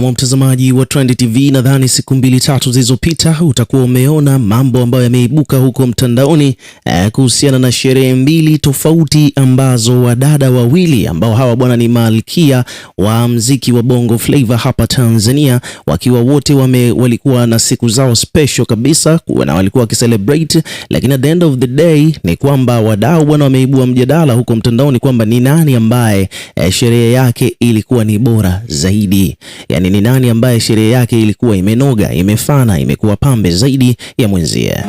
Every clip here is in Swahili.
Naam, mtazamaji wa Trend TV, nadhani siku mbili tatu zilizopita utakuwa umeona mambo ambayo yameibuka huko mtandaoni eh, kuhusiana na sherehe mbili tofauti ambazo wadada wawili ambao hawa bwana ni malkia wa mziki wa Bongo Flava hapa Tanzania, wakiwa wote wame, walikuwa na siku zao special kabisa na walikuwa wakicelebrate, lakini at the end of the day ni kwamba wadau bwana wameibua mjadala huko mtandaoni kwamba ni nani ambaye eh, sherehe yake ilikuwa ni bora zaidi yani, lakini ni nani ambaye sherehe yake ilikuwa imenoga, imefana, imekuwa pambe zaidi ya mwenzie?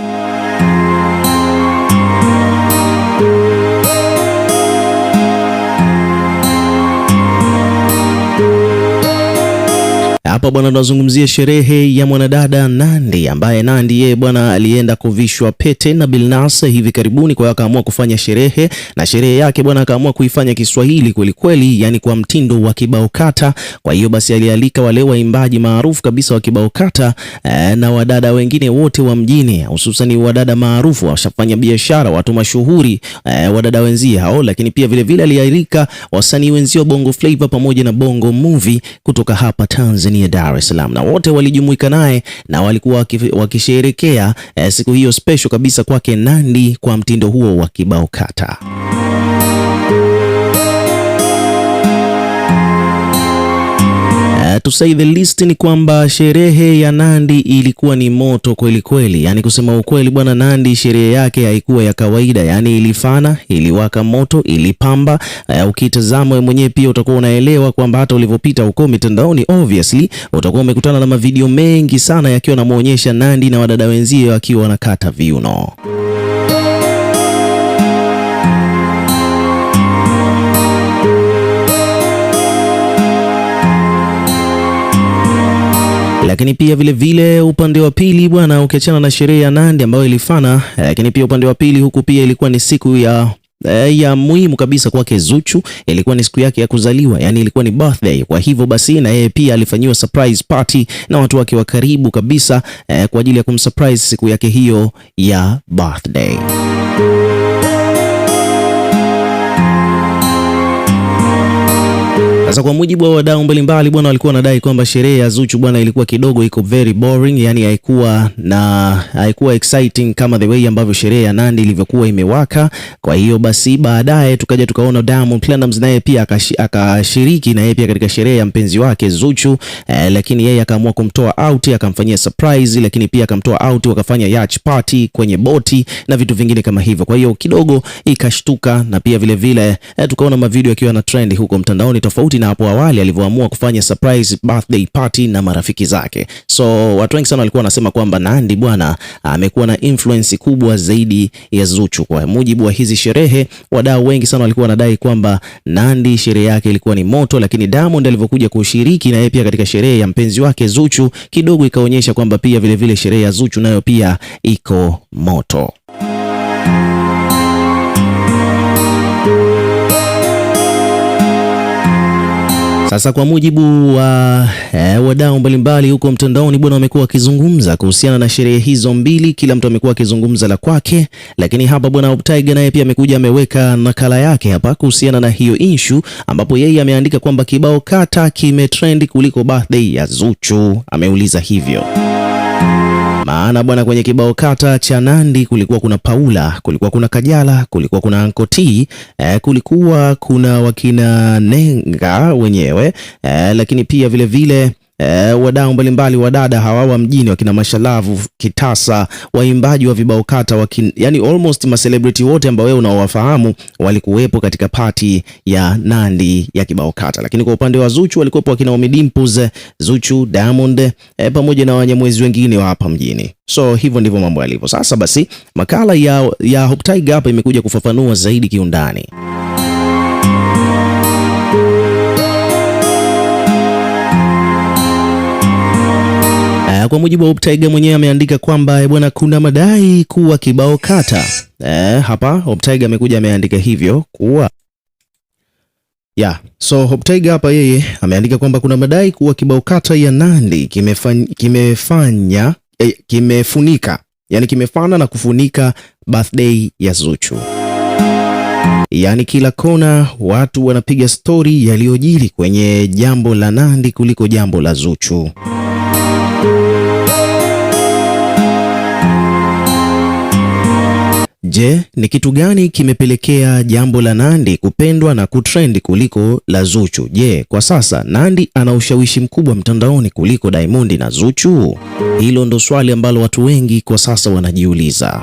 Hapa bwana, tunazungumzia sherehe ya mwanadada Nandi ambaye Nandi yeye bwana alienda kuvishwa pete na Bilnas hivi karibuni, kwa hiyo akaamua kufanya sherehe na sherehe yake bwana akaamua kuifanya Kiswahili kweli kweli, yani kwa mtindo wa kibao kata. Kwa hiyo basi alialika wale waimbaji maarufu kabisa wa kibao kata eh, na wadada wengine wote wa mjini, hususan wadada maarufu washafanya biashara, watu mashuhuri eh, wadada wenzie hao, lakini pia vile vile alialika wasanii wenzio Bongo Flava pamoja na Bongo Movie kutoka hapa Tanzania Dar es Salaam, na wote walijumuika naye na walikuwa wakisherekea eh, siku hiyo special kabisa kwake Nandi kwa mtindo huo wa kibao kata. to say the least ni kwamba sherehe ya Nandi ilikuwa ni moto kweli kweli. Yani kusema ukweli bwana, Nandi sherehe yake haikuwa ya kawaida, yani ilifana, iliwaka moto, ilipamba. Uh, ukitazama wewe mwenyewe pia utakuwa unaelewa kwamba hata ulivyopita huko mitandaoni, obviously utakuwa umekutana na mavideo mengi sana yakiwa namuonyesha Nandi na wadada wenzie wakiwa wanakata viuno. Lakini pia vile vile upande wa pili bwana, ukiachana na sherehe ya Nandi ambayo ilifana, eh, lakini pia upande wa pili huku pia ilikuwa ni siku ya eh, ya muhimu kabisa kwake Zuchu, ilikuwa ni siku yake ya kuzaliwa, yani ilikuwa ni birthday. Kwa hivyo basi, na yeye pia alifanyiwa surprise party na watu wake wa karibu kabisa eh, kwa ajili ya kumsurprise siku yake hiyo ya birthday. Sasa kwa mujibu wa wadau mbalimbali bwana, walikuwa wanadai kwamba sherehe ya Zuchu bwana ilikuwa kidogo iko very boring, yani haikuwa na haikuwa exciting kama the way ambavyo sherehe ya Nandi ilivyokuwa imewaka. Kwa hiyo basi baadaye tukaja tukaona Diamond Platnumz naye pia akashiriki na yeye pia katika sherehe ya mpenzi wake Zuchu eh, lakini yeye akaamua kumtoa out, akamfanyia surprise, lakini pia akamtoa out, wakafanya yacht party kwenye boti na vitu vingine kama hivyo. Kwa hiyo kidogo ikashtuka, na pia vile vile eh, tukaona mavideo yakiwa na trend huko mtandaoni tofauti na hapo awali alivyoamua kufanya surprise birthday party na marafiki zake. So watu wengi sana walikuwa wanasema kwamba Nandy bwana ah, amekuwa na influence kubwa zaidi ya Zuchu. Kwa mujibu wa hizi sherehe, wadau wengi sana walikuwa wanadai kwamba Nandy sherehe yake ilikuwa ni moto, lakini Diamond alivyokuja kushiriki na yeye pia katika sherehe ya mpenzi wake Zuchu, kidogo ikaonyesha kwamba pia vilevile sherehe ya Zuchu nayo pia iko moto. Sasa kwa mujibu wa eh, wadau mbalimbali huko mtandaoni bwana, wamekuwa wakizungumza kuhusiana na sherehe hizo mbili, kila mtu amekuwa akizungumza la kwake, lakini hapa bwana Optiger naye pia amekuja ameweka nakala yake hapa kuhusiana na hiyo issue, ambapo yeye ameandika kwamba kibao kata kimetrend kuliko birthday ya Zuchu, ameuliza hivyo. Maana bwana, kwenye kibao kata cha Nandi kulikuwa kuna Paula, kulikuwa kuna Kajala, kulikuwa kuna Ankoti, eh, kulikuwa kuna wakina Nenga wenyewe eh, lakini pia vilevile vile, e, wadau mbalimbali wadada hawa wa mjini wakina Mashalavu, Kitasa, waimbaji wa vibao kata wakin, yani almost ma celebrity wote ambao wewe unaowafahamu walikuwepo katika pati ya Nandi ya kibao kata. Lakini kwa upande wa Zuchu walikuwepo wakina Ommy Dimpoz, Zuchu, Diamond e, pamoja na wanyamwezi wengine wa hapa mjini. So hivyo ndivyo mambo yalivyo. Sasa basi makala ya, ya Hope Tiger hapa imekuja kufafanua zaidi kiundani. kwa mujibu wa Optaiga mwenyewe ameandika kwamba eh, bwana, kuna madai kuwa kibao kata e, hapa Optaiga amekuja ameandika hivyo kuwa Yeah. So Hoptaiga hapa yeye ameandika kwamba kuna madai kuwa kibao kata ya Nandy kimefanya, kimefanya eh, kimefunika yani kimefana na kufunika birthday ya Zuchu, yaani kila kona watu wanapiga stori yaliyojiri kwenye jambo la Nandy kuliko jambo la Zuchu. Je, ni kitu gani kimepelekea jambo la nandi kupendwa na kutrend kuliko la Zuchu? Je, kwa sasa nandi ana ushawishi mkubwa mtandaoni kuliko Diamond na Zuchu? Hilo ndo swali ambalo watu wengi kwa sasa wanajiuliza.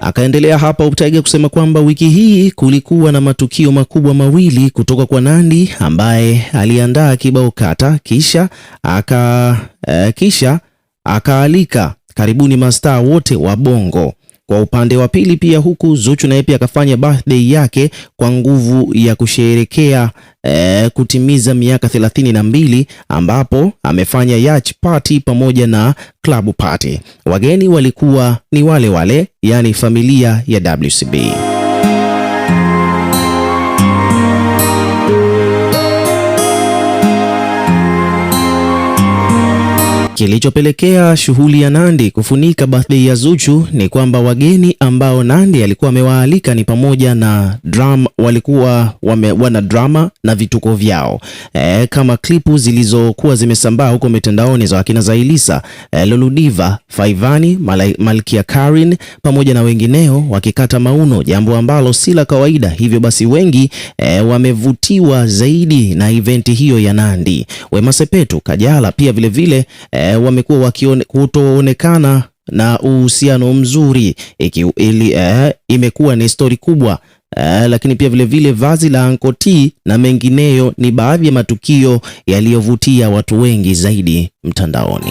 Akaendelea hapa Uptaiga kusema kwamba wiki hii kulikuwa na matukio makubwa mawili kutoka kwa nandi ambaye aliandaa kibao kata kisha aka, eh, kisha akaalika karibuni mastaa wote wa Bongo. Kwa upande wa pili pia huku Zuchu naye pia akafanya birthday yake kwa nguvu ya kusherekea e, kutimiza miaka thelathini na mbili ambapo amefanya yacht party pamoja na club party. Wageni walikuwa ni wale wale, yaani familia ya WCB. Kilichopelekea shughuli ya Nandi kufunika birthday ya Zuchu ni kwamba wageni ambao Nandi alikuwa amewaalika ni pamoja na drum, walikuwa wame, wana drama na vituko vyao e, kama klipu zilizokuwa zimesambaa huko mitandaoni za wakina Zailisa e, Loludiva, Faivani, Malkia Karin pamoja na wengineo wakikata mauno, jambo ambalo si la kawaida. Hivyo basi wengi e, wamevutiwa zaidi na eventi hiyo ya Nandi. Wema Sepetu, Kajala pia vilevile vile, e, e, wamekuwa wakutoonekana na uhusiano mzuri iki, ili, e, imekuwa ni stori kubwa e, lakini pia vilevile vile vazi la ankoti T na mengineyo ni baadhi ya matukio yaliyovutia watu wengi zaidi mtandaoni.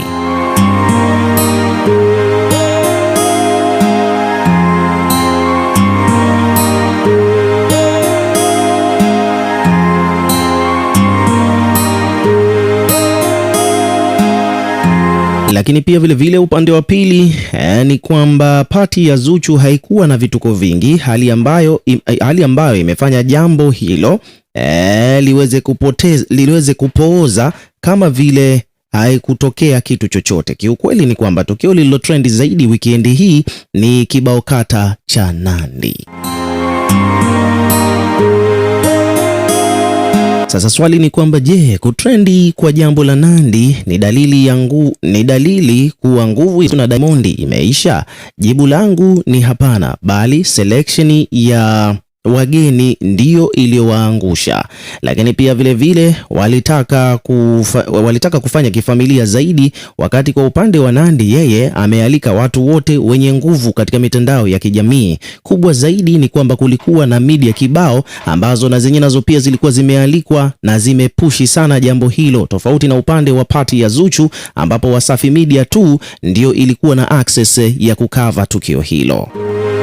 lakini pia vile vile upande wa pili eh, ni kwamba pati ya Zuchu haikuwa na vituko vingi, hali ambayo, im, hali ambayo imefanya jambo hilo eh, liweze kupoteza, liweze kupooza kama vile haikutokea kitu chochote. Kiukweli ni kwamba tukio lililo trend zaidi wikendi hii ni kibao kata cha Nandi Sasa swali ni kwamba je, kutrendi kwa jambo la Nandi ni dalili ya ngu, ni dalili kuwa nguvu na Diamond imeisha? Jibu langu ni hapana, bali selection ya wageni ndiyo iliyowaangusha, lakini pia vilevile vile, walitaka, kufa, walitaka kufanya kifamilia zaidi, wakati kwa upande wa nandi yeye amealika watu wote wenye nguvu katika mitandao ya kijamii. Kubwa zaidi ni kwamba kulikuwa na media kibao ambazo na zenye nazo pia zilikuwa zimealikwa na zimepushi sana jambo hilo, tofauti na upande wa pati ya Zuchu ambapo Wasafi Media tu ndio ilikuwa na access ya kukava tukio hilo.